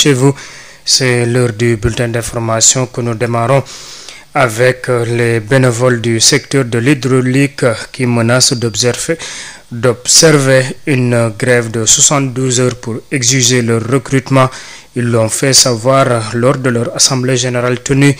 chez vous. C'est l'heure du bulletin d'information que nous démarrons avec euh, les bénévoles du secteur de l'hydraulique qui menacent d'observer d'observer une grève de 72 heures pour exiger leur recrutement. Ils l'ont fait savoir euh, lors de leur assemblée générale tenue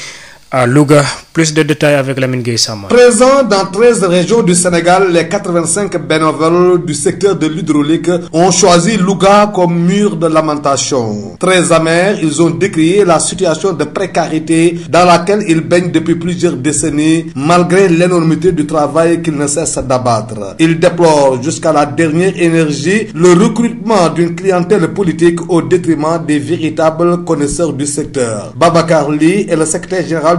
à Louga. Plus de détails avec Lamine Gueye Sama. Présents dans 13 régions du Sénégal, les 85 bénévoles du secteur de l'hydraulique ont choisi Louga comme mur de lamentation. Très amers, ils ont décrié la situation de précarité dans laquelle ils baignent depuis plusieurs décennies, malgré l'énormité du travail qu'ils ne cessent d'abattre. Ils déplorent jusqu'à la dernière énergie le recrutement d'une clientèle politique au détriment des véritables connaisseurs du secteur. Babacar Ly est le secrétaire général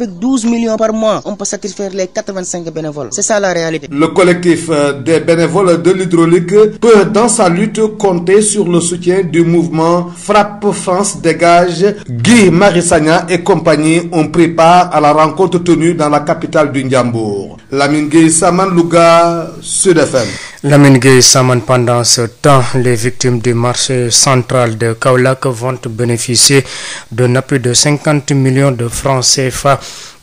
Avec 12 millions par mois, on peut satisfaire les 85 bénévoles. C'est ça la réalité. Le collectif euh, des bénévoles de l'hydraulique peut, dans sa lutte, compter sur le soutien du mouvement Frappe France Dégage. Guy Marius Sagna et compagnie ont pris part à la rencontre tenue dans la capitale du Ndiambour. Lamine Gueye Saman Louga, Sud FM. Lamine Saman, pendant ce temps, les victimes du marché central de Kaolack vont bénéficier d'un appui de 50 millions de francs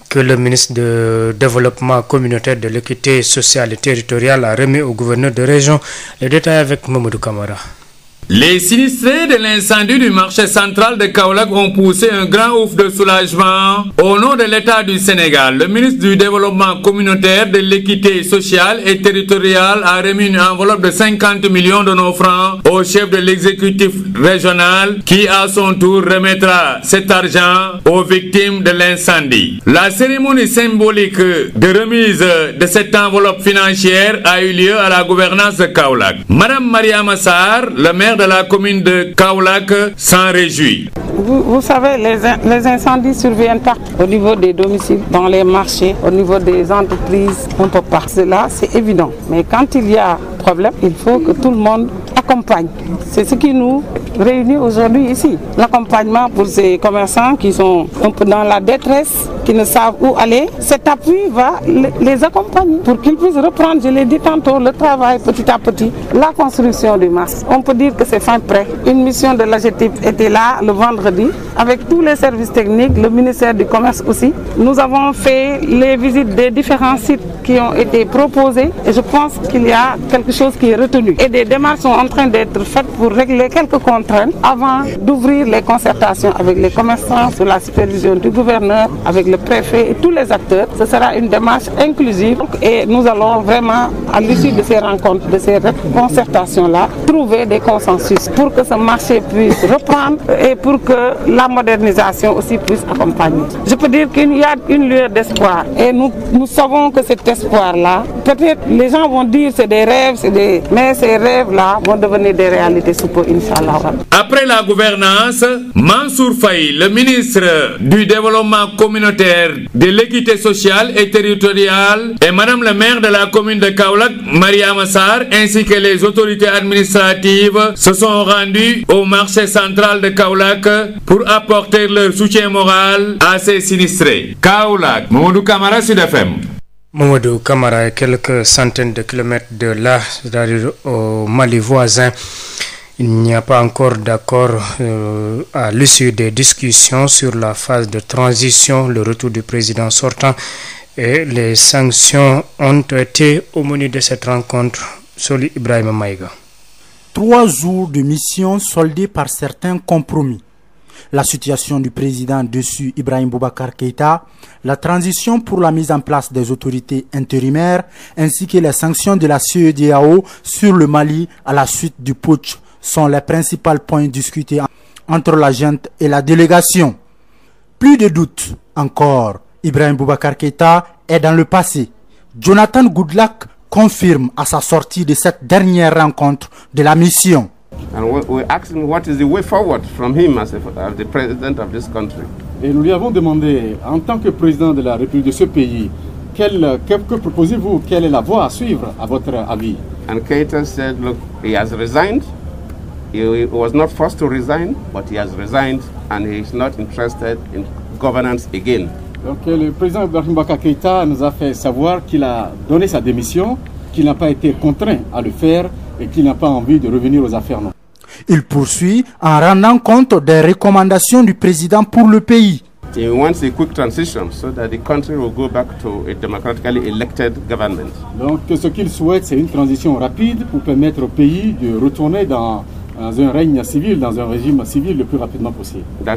que le ministre de Développement communautaire de l'équité sociale et territoriale a remis au gouverneur de région. Les détails avec Mamadou Camara. Les sinistrés de l'incendie du marché central de Kaolack ont poussé un grand ouf de soulagement au nom de l'État du Sénégal. Le ministre du Développement communautaire, de l'équité sociale et territoriale a remis une enveloppe de 50 millions de nos francs au chef de l'exécutif régional qui à son tour remettra cet argent aux victimes de l'incendie. La cérémonie symbolique de remise de cette enveloppe financière a eu lieu à la gouvernance de Kaolack. maire de commune de Kaolack s'en réjouit. Vous, vous savez, les, les incendies surviennent partout, au niveau des domiciles, dans les marchés, au niveau des entreprises, on peut pas. Cela, c'est évident. Mais quand il y a problème, il faut que tout le monde accompagne. C'est ce qui nous réunit aujourd'hui ici. L'accompagnement pour ces commerçants qui sont un peu dans la détresse, qui ne savent où aller, cet appui va les accompagner pour qu'ils puissent reprendre, je l'ai dit tantôt, le travail petit à petit. La construction du masque, on peut dire que c'est Une mission de l'AGETIP était la le vendredi avec tous les services techniques, le ministère du Commerce aussi. Nous avons fait les visites des différents sites qui ont été proposés et je pense qu'il y a quelque chose traîne avant d'ouvrir les concertations avec les commerçants, sous la supervision du gouverneur, avec le préfet et tous les acteurs. Ce sera une démarche inclusive et nous allons vraiment, à l'issue de ces rencontres, de ces concertations-là, trouver des consensus pour que ce marché puisse reprendre et pour que la modernisation aussi puisse accompagner. Je peux dire qu'il y a une lueur d'espoir et nous, nous savons que cet espoir-là, peut-être les gens vont dire c'est des Après la gouvernance, Mansour Faye, le ministre du Développement communautaire, de l'équité sociale et territoriale, et Madame le maire de la commune de Kaolack, Maria Massar, ainsi que les autorités administratives se sont rendus au marché central de Kaolack pour apporter leur soutien moral à ces sinistrés. Kaolack, Mamadou Camara, Sud FM. Mamadou Camara, quelques centaines de kilomètres de là, c'est-à-dire au Mali voisin. Il n'y a pas encore d'accord euh, à l'issue des discussions sur la phase de transition, le retour du président sortant et les sanctions ont été au menu de cette rencontre. Soli Ibrahima Maïga. Trois jours de mission soldés par certains compromis. La situation du président dessus Ibrahim Boubacar Keïta, la transition pour la mise en place des autorités intérimaires ainsi que les sanctions de la CEDEAO sur le Mali à la suite du putsch sont les principaux points discutés entre la junte et la délégation. Plus de doute encore, Ibrahim Boubacar Keïta est dans le passé. Jonathan Goodluck confirme à sa sortie de cette dernière rencontre de la mission. And we, we asked nous lui avons demandé, en tant que président de la République de ce pays, que, proposez-vous Quelle est la voie à suivre, à votre avis And Keita said, look, he has resigned. He was not forced to resign, but he has resigned and he is not interested in governance again. Donc le président Ibrahim Baka Keïta nous a fait savoir qu'il a donné sa démission, qu'il n'a pas été contraint à le faire et qu'il n'a pas envie de revenir aux affaires non. Il poursuit en rendant compte des recommandations du président pour le pays. He wants a quick transition so that the country will go back to a democratically elected government. Donc ce qu'il souhaite c'est une transition rapide pour permettre au pays de retourner dans dans un règne civil, dans régime civil le plus rapidement possible. That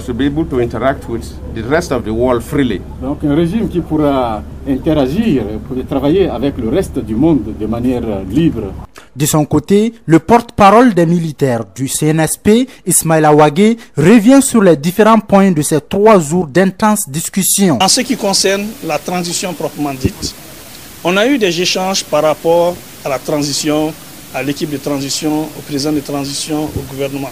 un régime qui pourra interagir, pourra travailler avec le reste du monde de manière libre. De son côté, le porte-parole des militaires du CNSP, Ismail Awagé, revient sur les différents points de ces trois jours d'intenses discussions. En ce qui concerne la transition proprement dite, on a eu des échanges par rapport à la transition à l'équipe de transition, au président de transition, au gouvernement.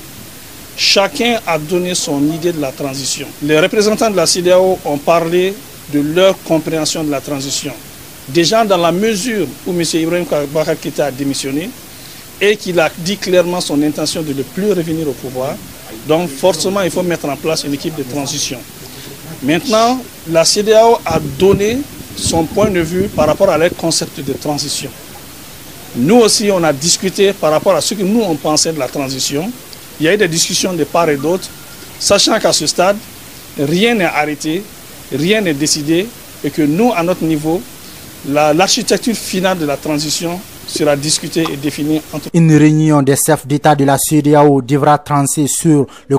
Chacun a donné son idée de la transition. Les représentants de la CDAO ont parlé de leur compréhension de la transition. Déjà dans la mesure où M. Ibrahim Kabaka a démissionné et qu'il a dit clairement son intention de ne plus revenir au pouvoir, donc forcément il faut mettre en place une équipe de transition. Maintenant, la CDAO a donné son point de vue par rapport à leur de transition. Nous aussi, on a par rapport à ce que nous, on pensait de la transition. a eu des discussions de part et d'autre, sachant qu'à ce stade, rien n'est arrêté, rien n'est décidé, et que nous, à notre niveau, l'architecture de la transition sera discutée et définie entre... Une réunion des chefs d'État de la CEDEAO devra trancher sur le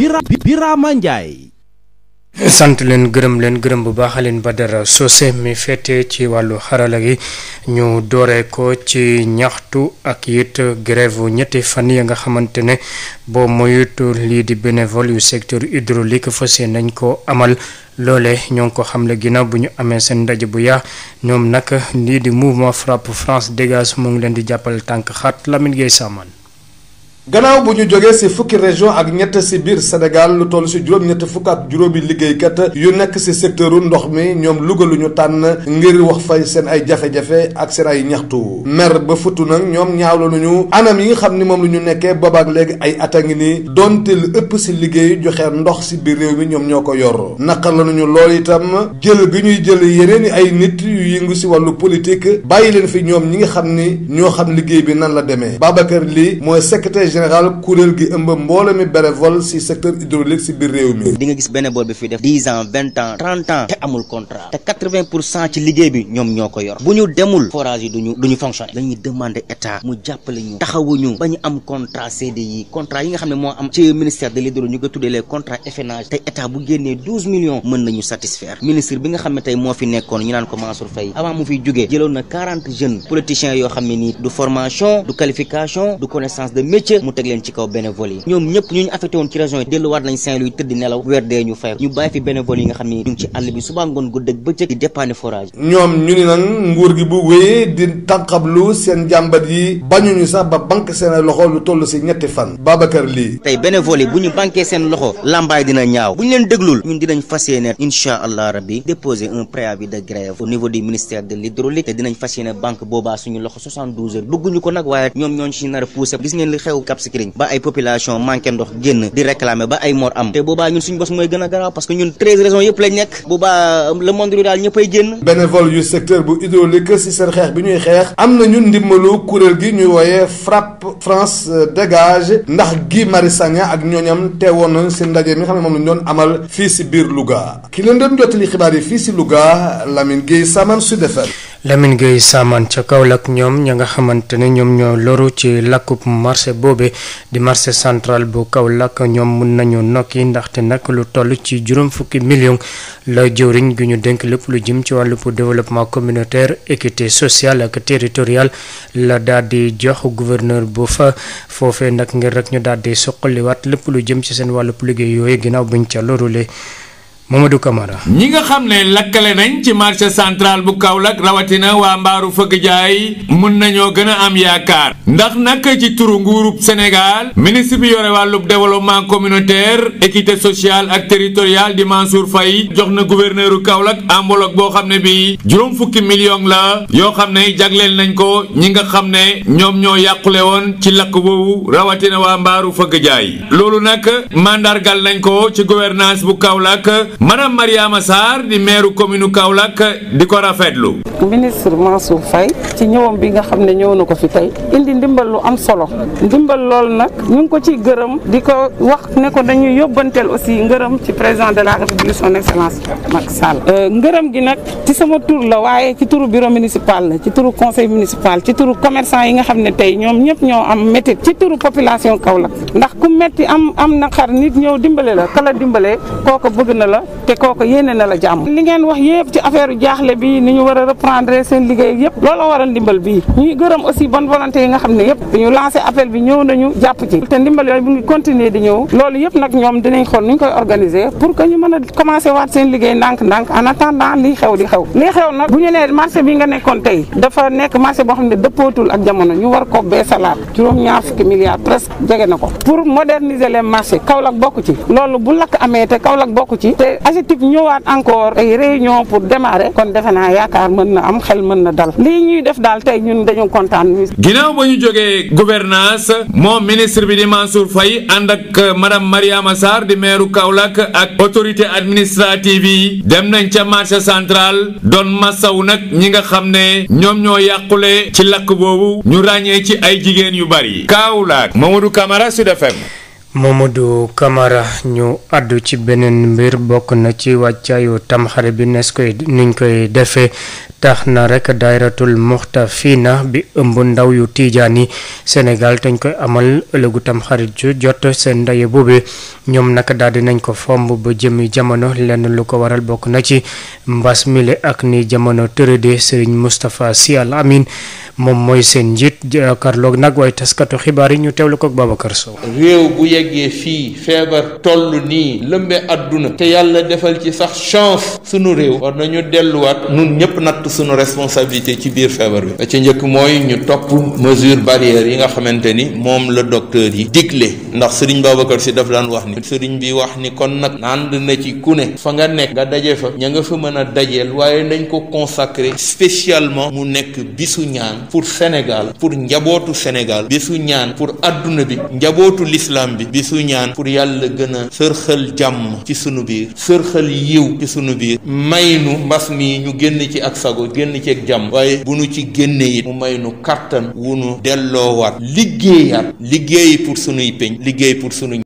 Bira Birama Ndiaye sant leen gërëm leen gërëm bu baax ba dara Socé mi féete ci wàllu xarala gi ñu dooree ko ci ñaxtu ak it grève ñetti fan ya nga xamante ne boo moytu lii di bénévole yu secteur hydraulique fas yéene nañ ko amal loole ñoo ngi ko xamle ginnaaw bu ñu amee seen ndaje bu yaax ñoom nag lii di mouvement frappe France dégage mu ngi leen di jàppale tànk xaat lamin Gueye Samane gannaaw bu ñu jógee ci fukki région ak ñett ci biir Sénégal lu toll ci juróom-ñett fukk ak juróomi liggéeykat yu nekk ci secteur u ndox mi ñoom Louga lu ñu tànn ngir wax fa seen ay jafe-jafe ak seen ay ñaxtu mer ba futu nag ñoom ñaawlu nañu anam yi nga xam ni moom lu ñu nekkee boobaak léegi ay at a ngi nii donte lu ëpp ci liggéey joxe ndox ci biir réew mi ñoom ñoo ko yor naqar la nañu lool itam jël gi ñuy jël yeneen i ay nit yu yëngu ci wàllu politique bàyyi leen fi ñoom ñi nga xam ni ñoo xam liggéey bi nan la demee général kuréel gi ëmb mbooloo mi bénévole ci secteur hydraulique ci biir réew mi. di nga gis bénévole bi fi def liggéey bi ñoom ñoo ko yor bu ñu demul forage yi duñu duñu fonctionner la ñuy demander mu jàppale ñu taxawuñu ba ñu am contrat CDI yi nga xam ne moo am ci ministère de l'hydraulique ñu ko tuddee les contrats FNH te état bu génnee millions mën nañu satisfaire ministre bi nga xam ne tey moo fi nekkoon ñu naan ko Mansour Faye avant mu fiy jógee jëloon na quarante jeunes politiciens yoo xam ne du formation du qualification du connaissance de métier mu teg leen ci kaw bénévole yi ñoom ñëpp ñu ñu affecté woon ci région yi delluwaat nañ Saint-Louis tëdd nelaw weer ñu fay ñu bàyyi fi bénévole yi nga xam ne ñu ci àll bi subaa ngoon guddeeg bëccëg di dépanner forage ñoom ñu ni nag nguur gi bu wéyee di tànqablu seen jàmbat yi bañuñu sax ba banque seen loxo lu toll si ñetti fan Babacar lii tey bénévole yi bu ñu banquee seen loxo lambaay dina ñaaw bu ñu leen déglul ñun dinañ fas yéene incha allah rabbi déposer Cap Skirring ba ay population manqué ndox génn di réclamer ba ay mor am te boobaa ñun suñu bos mooy gën a garaaw parce que ñun treize régions yëpp lañ nekk boobaa euh, le monde rural ñëppay génn bénévole yu secteur bu hydraulique si seen xeex bi ñuy xeex am na ñun ndimbalu kuréel gi ñuy wooyee FRAPP France euh, dégage ndax Guy Marius ak ñooñam teewoon nañ si ndaje mi xam ne moom lañ doon amal fii si biir Louga ki leen doon jottali xibaar yi fii si Louga Lamine Gueye Saman Sud Lamine Gueye Saman ca Kaolack ñoom ña nga xamante ne ñoom ñoo loru ci lakkub marché boobe di marché central bu kaw lakk ñoom mun nañu nokki ndaxte nag lu toll ci juróom fukki million la jëwriñ gi ñu dénk lépp lu jëm ci wàllu développement communautaire équité sociale ak territoriale la daal di jox gouverneur bu fa foofee nag ngir rek ñu daal di suqaliwaat lépp lu jëm ci seen wàllu liggéey yooyu ginnaaw ñu ca lorule du Camara. ñi nga xam ne lakkale nañ ci marché central bu Kaolack rawatina waa mbaaru fëgg jaay mun nañoo gën a am yaakaar ndax nag ci turu nguurub Sénégal ministre bi yore wàllub développement communautaire équité sociale ak territoriale di Mansour Faye jox na gouverneuru Kaolack enveloppe boo xam ne bi juróom fukki million la yoo xam ne jagleel nañ ko ñi nga xam ne ñoom ñoo yàqule woon ci lakk boobu rawatina waa mbaaru fëgg jaay loolu nag mandargal nañ ko ci gouvernance bu Kaolack madame Mariama Sarr di maire commune Kaolack di ko rafetlu. ministre Mansour Faye ci ñëwam bi nga xam ne ñëw na ko fi tey indi ndimbal lu am solo ndimbal lool nag ñu ngi ko ci gërëm di ko wax ne ko dañuy yóbbanteel aussi ngërëm ci président de la république son excellence Macky Sall. Euh, ngërëm gi nag ci sama tur la waaye ci turu bureau municipal la ci turu conseil municipal ci turu commerçant yi nga xam ne tey ñoom ñëpp ñoo am métit ci turu population Kaolack ndax ku métti am am naqar nit ñëw dimbale la kala dimbale kooku bëgg na la. te kooku yéene na la jàmm li ngeen wax yëpp ci affaire jaaxle bi ni ñu war a reprendre seen liggéey yëpp looloo waral ndimbal bii ñuy gërëm aussi bonne volonté yi nga xam ne yëpp ñu lancé appel bi ñëw nañu jàpp ci te ndimbal yooyu bu ngi continuer di ñëw loolu yëpp nag ñoom dinañ xool nu ñu koy organiser pour que ñu mën a commencé waat seen liggéey ndànk-ndànk en attendant lii xew di xew lii xew nag bu ñu nee marché bi nga nekkoon tey dafa nekk marché boo xam ne dëppootul ak jamono ñu war ko beesalaat juróom-ñaar fukki milliards presque jege na ko pour moderniser les marchés Kaolack bokk ci loolu bu lakk amee te Kaolack bokk ci te AGETIP ñëwaat encore ay réunion pour démarrer kon defe naa yaakaar mën na am xel mën na dal lii ñuy def daal tey ñun dañu kontaan. ginnaaw ba ñu jógee gouvernance moom ministre bi di Mansour Faye ànd ak euh, madame Mariama Sarr di meeru Kaolack ak autorité administrative yi dem nañ ca marché central doon masaw nag ñi nga xam ne ñoom ñoo yàqule ci lakk boobu ñu ràññee ci ay jigéen yu bari Kaolack Mamadou Camara Sud FM Mamadou kamara ñu àddu ci beneen mbir bokk na ci wàccaayu tamxarit bi nes koy niñ koy defee tax na rek daayratul muxtafina bi ëmb ndaw yu tiijaan yi Sénégal dañ koy amal ëllëgu tamxarit ju jot seen ndaje boobee ñoom naka daal di nañ ko fomb ba jëmi jamono lenn lu ko waral bokk na ci mbas mile ak ni jamono tërëde Serigne Moustapha Sy Al Amin moom mooy seen njiit jàkkaarloog nag waaye taskatu xibaar yi ñu teewlu ko ak Babacar Sow. réew bu yeggee fii feebar toll nii lëmbe àdduna te yàlla defal ci sax chance sunu réew war nañu delluwaat nun ñëpp natt sunu responsabilité ci biir feebar bi ci njëkk mooy ñu topp mesure barrière yi nga xamante ni moom la docteur yi digle ndax sëriñ Babacar si daf daan wax ni sëriñ bi wax ni kon nag ànd na ci ku ne fa nga nekk nga daje fa ña nga fa mën a dajeel waaye nañ ko consacrer spécialement mu nekk bisu pour Sénégal pour njabootu Sénégal bi su ñaan pour àdduna bi njabootu l'islam bi bisu ñaan pour yàlla gën a sërxal jàmm ci sunu biir sërxal yiw ci sunu biir may nu mbas mi ñu génn ci ak sago génn ci ak jàmm waaye bu nu ci génnee it mu may nu kàttan wu nu delloowaat liggéeyaat liggéey pour sunuy peñ